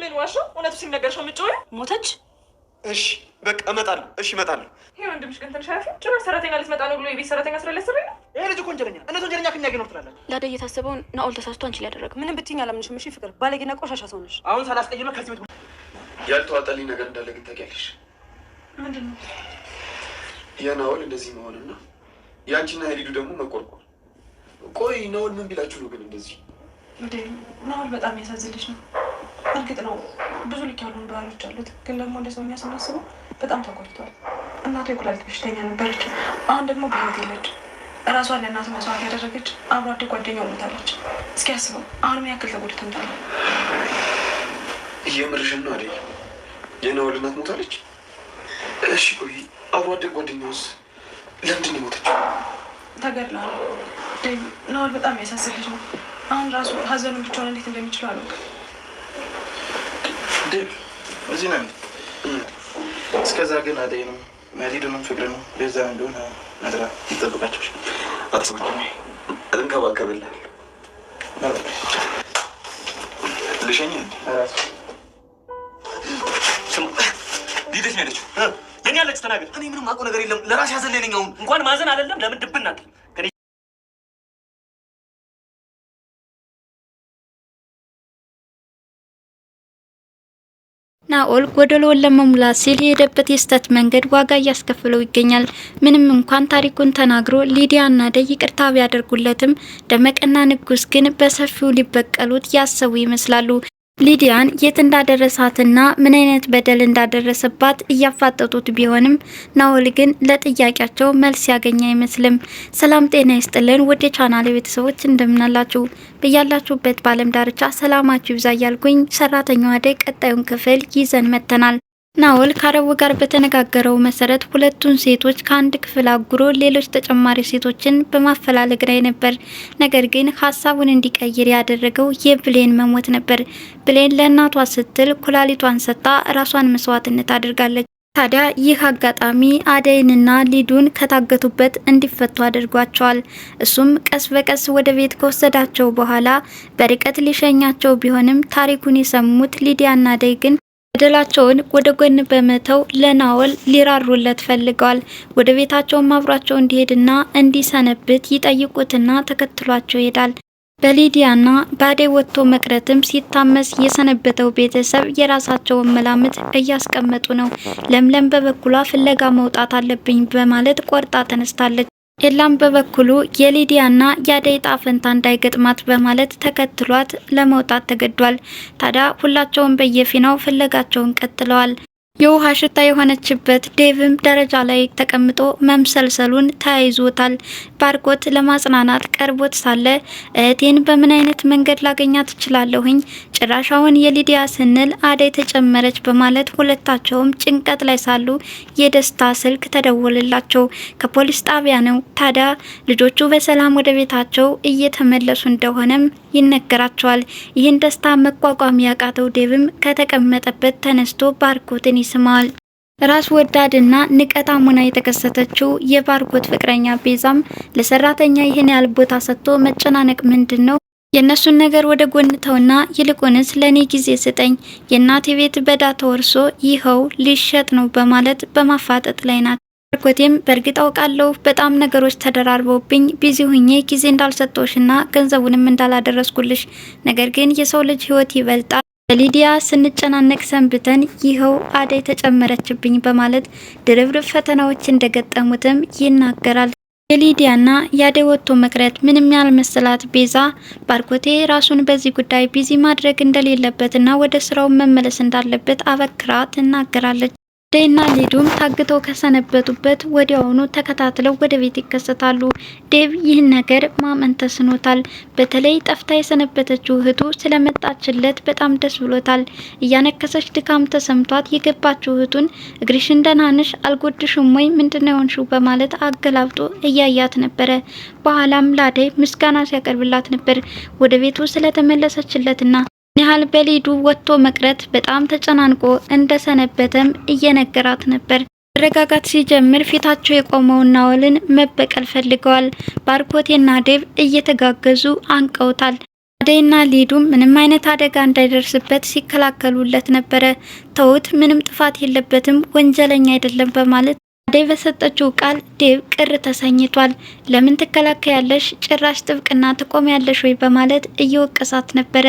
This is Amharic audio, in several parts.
ምን ዋሻው? እውነቱ ሲነገር ምጭ ሞተች። እሺ በቃ እመጣለሁ። እሺ እመጣለሁ። ይሄ ወንድምሽ ግን ትንሽ አያፍም? ጭራሽ ሰራተኛ ልትመጣ ነው ብሎ የቤት ሰራተኛ ስራ ነው። ይሄ ልጅ እኮ ወንጀለኛ፣ ወንጀለኛ ከኛ ናኦል ተሳስቶ አንቺ ሊያደረገ ምንም ብትይኝ አላምንሽም። እሺ ፍቅር፣ ባለጌና ቆሻሻ ሰው ነሽ። አሁን ሳላስቀይመ ከዚህ ቤት ያልተዋጠልኝ ነገር እንዳለ ግን ታውቂያለሽ። የናኦል እንደዚህ መሆንና የአንቺና የሊዱ ደግሞ መቆርቆር? ቆይ ናኦል ምን ቢላችሁ ነው ግን እንደዚህ? ናኦል በጣም ያሳዝልሽ ነው እርግጥ ነው ብዙ ልክ ያሉ ባህሎች አሉት፣ ግን ደግሞ እንደ ሰው ስናስበው በጣም ተጎድቷል። እናቱ የኩላሊት በሽተኛ ነበረች። አሁን ደግሞ በህይወት የለችም። እራሷን ለእናት መስዋዕት ያደረገች አብሮ አደግ ጓደኛው ሞታለች። እስኪ ያስበው አሁን ምን ያክል ተጎድታ እንዳለ። የምርሽን ነው አይደል? የናወል እናት ሞታለች። እሺ ቆይ አብሮ አደግ ጓደኛውስ ለምንድን የሞተችው? ተገድለዋል። ናወል በጣም ያሳስልሽ ነው። አሁን ራሱ ሀዘኑን ብቻውን እንዴት እንደሚችለው አላውቅም። እንዴ እዚህ ነው። እስከዛ ግን አደይንም መሪድንም ፍቅርንም ቤዛ እንደሆነ ነጥራ ይጠብቃቸው አስብ እንከባከብልል ልሸኝ ሊደች ተናገር። እኔ ምንም አውቀው ነገር የለም። ለራሴ ያዘለኝ አሁን እንኳን ማዘን አይደለም ለምን ድብናት ናኦል ጎደሎውን ለመሙላት ሲል የሄደበት የስህተት መንገድ ዋጋ እያስከፍለው ይገኛል። ምንም እንኳን ታሪኩን ተናግሮ ሊዲያና ደይ ይቅርታ ቢያደርጉለትም ደመቀና ንጉስ ግን በሰፊው ሊበቀሉት ያሰቡ ይመስላሉ። ሊዲያን የት እንዳደረሳትና ምን አይነት በደል እንዳደረሰባት እያፋጠጡት ቢሆንም ናውል ግን ለጥያቄያቸው መልስ ያገኘ አይመስልም። ሰላም ጤና ይስጥልን ወደ ቻናሌ ቤተሰቦች እንደምናላችሁ በያላችሁበት በዓለም ዳርቻ ሰላማችሁ ይብዛ እያልኩኝ ሰራተኛዋ አደይ ቀጣዩን ክፍል ይዘን መጥተናል። ናውል ከአረቡ ጋር በተነጋገረው መሰረት ሁለቱን ሴቶች ከአንድ ክፍል አጉሮ ሌሎች ተጨማሪ ሴቶችን በማፈላለግ ላይ ነበር። ነገር ግን ሀሳቡን እንዲቀይር ያደረገው የብሌን መሞት ነበር። ብሌን ለእናቷ ስትል ኩላሊቷን ሰጥታ ራሷን መስዋዕትነት አድርጋለች። ታዲያ ይህ አጋጣሚ አደይንና ሊዱን ከታገቱበት እንዲፈቱ አድርጓቸዋል። እሱም ቀስ በቀስ ወደ ቤት ከወሰዳቸው በኋላ በርቀት ሊሸኛቸው ቢሆንም ታሪኩን የሰሙት ሊዲያና አደይ ግን መጉደላቸውን ወደ ጎን በመተው ለናወል ሊራሩለት ፈልገዋል። ወደ ቤታቸውም አብሯቸው እንዲሄድና እንዲሰነብት ይጠይቁትና ተከትሏቸው ይሄዳል። በሊዲያና በአዴ ወጥቶ መቅረትም ሲታመስ የሰነበተው ቤተሰብ የራሳቸውን መላምት እያስቀመጡ ነው። ለምለም በበኩሏ ፍለጋ መውጣት አለብኝ በማለት ቆርጣ ተነስታለች። ኤላም በበኩሉ የሊዲያና የአደይ የአደይጣ ፈንታ እንዳይገጥማት በማለት ተከትሏት ለመውጣት ተገዷል። ታዲያ ሁላቸውም በየፊናው ፍለጋቸውን ቀጥለዋል። የውሃ ሽታ የሆነችበት ዴቭም ደረጃ ላይ ተቀምጦ መምሰልሰሉን ተያይዞታል። ባርኮት ለማጽናናት ቀርቦት ሳለ እህቴን በምን አይነት መንገድ ላገኛት እችላለሁኝ? ጭራሻውን የሊዲያ ስንል አደይ ተጨመረች በማለት ሁለታቸውም ጭንቀት ላይ ሳሉ የደስታ ስልክ ተደወለላቸው። ከፖሊስ ጣቢያ ነው። ታዲያ ልጆቹ በሰላም ወደ ቤታቸው እየተመለሱ እንደሆነም ይነገራቸዋል። ይህን ደስታ መቋቋም ያቃተው ዴቭም ከተቀመጠበት ተነስቶ ባርኮትን ይስማል። ራስ ወዳድ እና ንቀት አሙና የተከሰተችው የባርኮት ፍቅረኛ ቤዛም ለሰራተኛ ይህን ያህል ቦታ ሰጥቶ መጨናነቅ ምንድን ነው? የእነሱን ነገር ወደ ጎን ተውና ይልቁንስ ለእኔ ጊዜ ስጠኝ፣ የእናቴ ቤት በዳ ተወርሶ ይኸው ሊሸጥ ነው በማለት በማፋጠጥ ላይ ናት። ባርኮቴም በእርግጥ አውቃለሁ በጣም ነገሮች ተደራርበውብኝ ቢዚ ሁኜ ጊዜ እንዳልሰጠሽና ገንዘቡንም እንዳላደረስኩልሽ፣ ነገር ግን የሰው ልጅ ሕይወት ይበልጣል ሊዲያ ስንጨናነቅ ሰንብተን ይኸው አደይ ተጨመረችብኝ በማለት ድርብርብ ፈተናዎች እንደገጠሙትም ይናገራል። የሊዲያና የአደይ ወጥቶ መቅረት ምንም ያልመሰላት ቤዛ ባርኮቴ ራሱን በዚህ ጉዳይ ቢዚ ማድረግ እንደሌለበትና ወደ ስራው መመለስ እንዳለበት አበክራ ትናገራለች። ዴና ሊዱም ታግተው ከሰነበቱበት ወዲያውኑ ተከታትለው ወደ ቤት ይከሰታሉ። ዴቭ ይህን ነገር ማመን ተስኖታል። በተለይ ጠፍታ የሰነበተችው እህቱ ስለመጣችለት በጣም ደስ ብሎታል። እያነከሰች ድካም ተሰምቷት የገባችው እህቱን እግርሽን ደህና ነሽ አልጎድሽም ወይ ምንድነው የሆንሽው በማለት አገላብጦ እያያት ነበረ። በኋላም ላደይ ምስጋና ሲያቀርብላት ነበር። ወደ ቤቱ ስለተመለሰችለትና ኒሃል በሊዱ ወጥቶ መቅረት በጣም ተጨናንቆ እንደሰነበተም እየነገራት ነበር። መረጋጋት ሲጀምር ፊታቸው የቆመው ናኦልን መበቀል ፈልገዋል። ባርኮቴና ዴቭ እየተጋገዙ አንቀውታል። አደይና ሊዱም ምንም አይነት አደጋ እንዳይደርስበት ሲከላከሉለት ነበረ። ተውት፣ ምንም ጥፋት የለበትም፣ ወንጀለኛ አይደለም በማለት አደይ በሰጠችው ቃል ዴቭ ቅር ተሰኝቷል። ለምን ትከላከያለሽ? ጭራሽ ጥብቅና ትቆሚያለሽ ወይ በማለት እየወቀሳት ነበረ።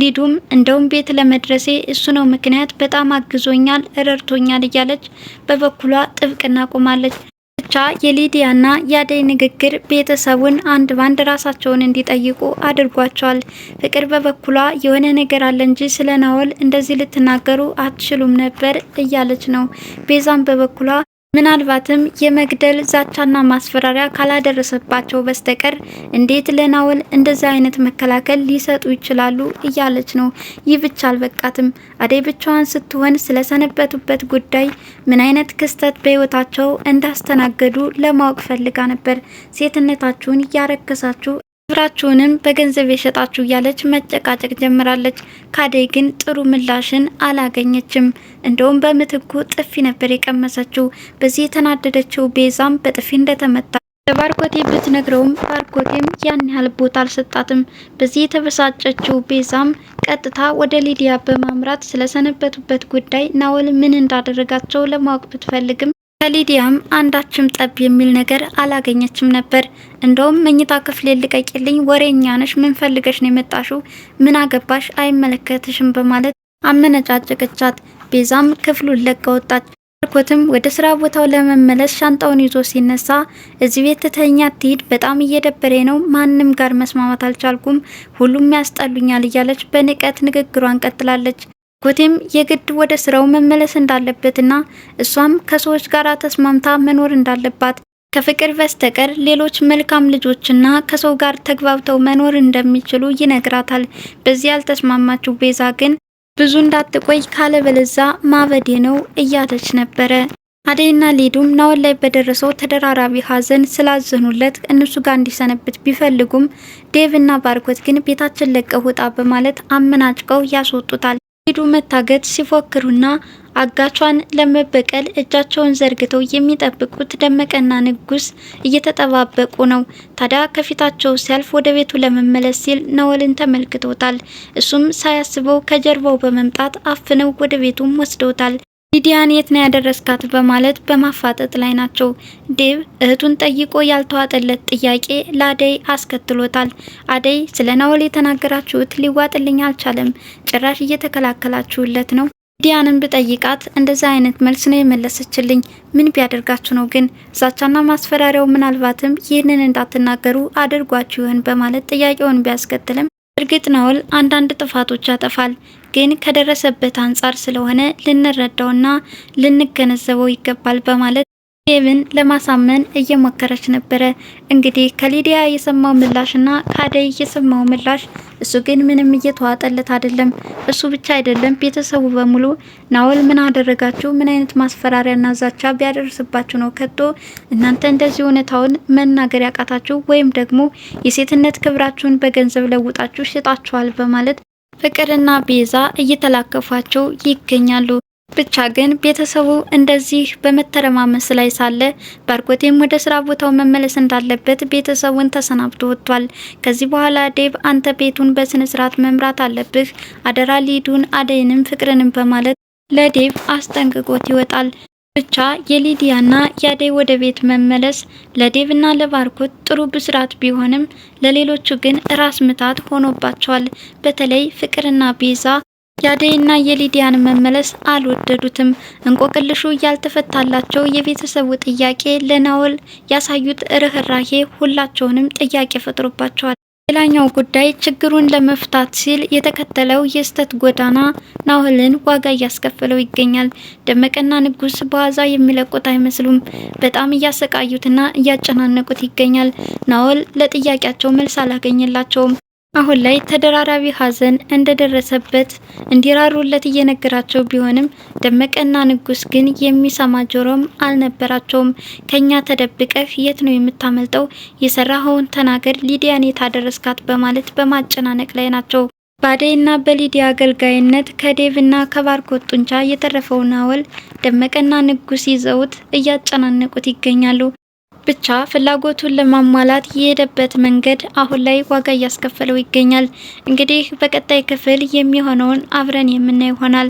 ሊዱም እንደውም ቤት ለመድረሴ እሱ ነው ምክንያት፣ በጣም አግዞኛል፣ ረድቶኛል እያለች በበኩሏ ጥብቅና ቆማለች። ብቻ የሊዲያና የአደይ ንግግር ቤተሰቡን አንድ ባንድ ራሳቸውን እንዲጠይቁ አድርጓቸዋል። ፍቅር በበኩሏ የሆነ ነገር አለ እንጂ ስለ ናወል እንደዚህ ልትናገሩ አትችሉም ነበር እያለች ነው። ቤዛም በበኩሏ ምናልባትም የመግደል ዛቻና ማስፈራሪያ ካላደረሰባቸው በስተቀር እንዴት ለናወል እንደዚህ አይነት መከላከል ሊሰጡ ይችላሉ እያለች ነው። ይህ ብቻ አልበቃትም። አደይ ብቻዋን ስትሆን ስለሰነበቱበት ጉዳይ ምን አይነት ክስተት በህይወታቸው እንዳስተናገዱ ለማወቅ ፈልጋ ነበር። ሴትነታችሁን እያረከሳችሁ ብራችሁንም በገንዘብ የሸጣችሁ እያለች መጨቃጨቅ ጀምራለች። ካደይ ግን ጥሩ ምላሽን አላገኘችም። እንደውም በምትኩ ጥፊ ነበር የቀመሰችው። በዚህ የተናደደችው ቤዛም በጥፊ እንደተመታ ለባርኮቴ ብትነግረውም ባርኮቴም ያን ያህል ቦታ አልሰጣትም። በዚህ የተበሳጨችው ቤዛም ቀጥታ ወደ ሊዲያ በማምራት ስለሰነበቱበት ጉዳይ ናወል ምን እንዳደረጋቸው ለማወቅ ብትፈልግም ከሊዲያም አንዳችም ጠብ የሚል ነገር አላገኘችም ነበር። እንደውም መኝታ ክፍሌ ልቀቂልኝ፣ ወሬኛ ነሽ፣ ምን ፈልገሽ ነው የመጣሽው? ምን አገባሽ? አይመለከትሽም በማለት አመነጫጨቀቻት። ቤዛም ክፍሉን ለቃ ወጣች። ወደ ስራ ቦታው ለመመለስ ሻንጣውን ይዞ ሲነሳ እዚህ ቤት ትተኛ ትሂድ፣ በጣም እየደበሬ ነው፣ ማንም ጋር መስማማት አልቻልኩም፣ ሁሉም ያስጠሉኛል እያለች በንቀት ንግግሯን ቀጥላለች። ጉቴም የግድ ወደ ስራው መመለስ እንዳለበትና እሷም ከሰዎች ጋር ተስማምታ መኖር እንዳለባት ከፍቅር በስተቀር ሌሎች መልካም ልጆችና ከሰው ጋር ተግባብተው መኖር እንደሚችሉ ይነግራታል። በዚህ ያልተስማማችው ቤዛ ግን ብዙ እንዳትቆይ ካለበለዛ ማበዴ ነው እያለች ነበረ። አደይና ሊዱም ናወል ላይ በደረሰው ተደራራቢ ሀዘን ስላዘኑለት እነሱ ጋር እንዲሰነብት ቢፈልጉም ዴቭና ባርኮት ግን ቤታችን ለቀው ውጣ በማለት አመናጭቀው ያስወጡታል። ሄዱ መታገድ ሲፎክሩና አጋቿን ለመበቀል እጃቸውን ዘርግተው የሚጠብቁት ደመቀና ንጉስ እየተጠባበቁ ነው። ታዲያ ከፊታቸው ሲያልፍ ወደ ቤቱ ለመመለስ ሲል ነወልን ተመልክቶታል። እሱም ሳያስበው ከጀርባው በመምጣት አፍነው ወደ ቤቱም ወስደውታል። ሊዲያን የት ነው ያደረስካት በማለት በማፋጠጥ ላይ ናቸው። ዴቭ እህቱን ጠይቆ ያልተዋጠለት ጥያቄ ለአደይ አስከትሎታል። አደይ ስለ ናወል የተናገራችሁት ሊዋጥልኝ አልቻለም፣ ጭራሽ እየተከላከላችሁለት ነው። ሊዲያንን ብጠይቃት እንደዛ አይነት መልስ ነው የመለሰችልኝ። ምን ቢያደርጋችሁ ነው ግን ዛቻና ማስፈራሪያው ምናልባትም ይህንን እንዳትናገሩ አድርጓችሁ ይሆን በማለት ጥያቄውን ቢያስከትልም እርግጥ ነውል አንዳንድ ጥፋቶች ያጠፋል፣ ግን ከደረሰበት አንጻር ስለሆነ ልንረዳውና ልንገነዘበው ይገባል በማለት ዴቭን ለማሳመን እየሞከረች ነበረ። እንግዲህ ከሊዲያ የሰማው ምላሽና ከአደይ የሰማው ምላሽ እሱ ግን ምንም እየተዋጠለት አይደለም። እሱ ብቻ አይደለም፣ ቤተሰቡ በሙሉ ናወል ምን አደረጋችሁ? ምን አይነት ማስፈራሪያና ዛቻ ቢያደርስባችሁ ነው ከቶ እናንተ እንደዚህ እውነታውን መናገር ያቃታችሁ ወይም ደግሞ የሴትነት ክብራችሁን በገንዘብ ለውጣችሁ ሽጣችኋል በማለት ፍቅርና ቤዛ እየተላከፏቸው ይገኛሉ። ብቻ ግን ቤተሰቡ እንደዚህ በመተረማመስ ላይ ሳለ ባርኮቴም ወደ ስራ ቦታው መመለስ እንዳለበት ቤተሰቡን ተሰናብቶ ወጥቷል። ከዚህ በኋላ ዴቭ አንተ ቤቱን በስነ ስርዓት መምራት አለብህ፣ አደራ ሊዱን፣ አደይንም ፍቅርንም በማለት ለዴቭ አስጠንቅቆት ይወጣል። ብቻ የሊዲያና የአደይ ወደ ቤት መመለስ ለዴቭና ለባርኮት ጥሩ ብስራት ቢሆንም ለሌሎቹ ግን ራስ ምታት ሆኖባቸዋል። በተለይ ፍቅርና ቤዛ የአደይና የሊዲያን መመለስ አልወደዱትም። እንቆቅልሹ ያልተፈታላቸው የቤተሰቡ ጥያቄ ለናወል ያሳዩት ርህራሄ ሁላቸውንም ጥያቄ ፈጥሮባቸዋል። ሌላኛው ጉዳይ ችግሩን ለመፍታት ሲል የተከተለው የስህተት ጎዳና ናወልን ዋጋ እያስከፈለው ይገኛል። ደመቀና ንጉስ በዋዛ የሚለቁት አይመስሉም። በጣም እያሰቃዩትና እያጨናነቁት ይገኛል። ናወል ለጥያቄያቸው መልስ አላገኘላቸውም። አሁን ላይ ተደራራቢ ሀዘን እንደደረሰበት እንዲራሩለት እየነገራቸው ቢሆንም ደመቀና ንጉስ ግን የሚሰማ ጆሮም አልነበራቸውም። ከኛ ተደብቀህ የት ነው የምታመልጠው? የሰራኸውን ተናገር፣ ሊዲያን የታደረስካት በማለት በማጨናነቅ ላይ ናቸው። በአደይና በሊዲያ አገልጋይነት ከዴቭና ከባርኮት ጡንቻ የተረፈውን አወል ደመቀና ንጉስ ይዘውት እያጨናነቁት ይገኛሉ። ብቻ ፍላጎቱን ለማሟላት የሄደበት መንገድ አሁን ላይ ዋጋ እያስከፈለው ይገኛል። እንግዲህ በቀጣይ ክፍል የሚሆነውን አብረን የምናይ ይሆናል።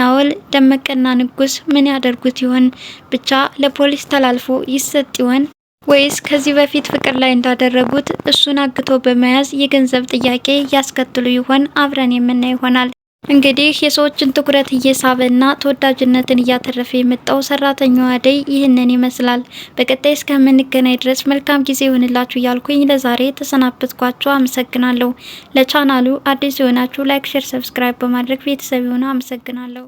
ናወል ደመቀና ንጉስ ምን ያደርጉት ይሆን? ብቻ ለፖሊስ ተላልፎ ይሰጥ ይሆን ወይስ ከዚህ በፊት ፍቅር ላይ እንዳደረጉት እሱን አግቶ በመያዝ የገንዘብ ጥያቄ ያስከትሉ ይሆን? አብረን የምናይ ይሆናል። እንግዲህ የሰዎችን ትኩረት እየሳበና ተወዳጅነትን እያተረፈ የመጣው ሰራተኛዋ አደይ ይህንን ይመስላል። በቀጣይ እስከምንገናኝ ድረስ መልካም ጊዜ ይሆንላችሁ እያልኩኝ ለዛሬ ተሰናበትኳችሁ። አመሰግናለሁ። ለቻናሉ አዲስ የሆናችሁ ላይክ፣ ሼር፣ ሰብስክራይብ በማድረግ ቤተሰብ ይሆኑ። አመሰግናለሁ።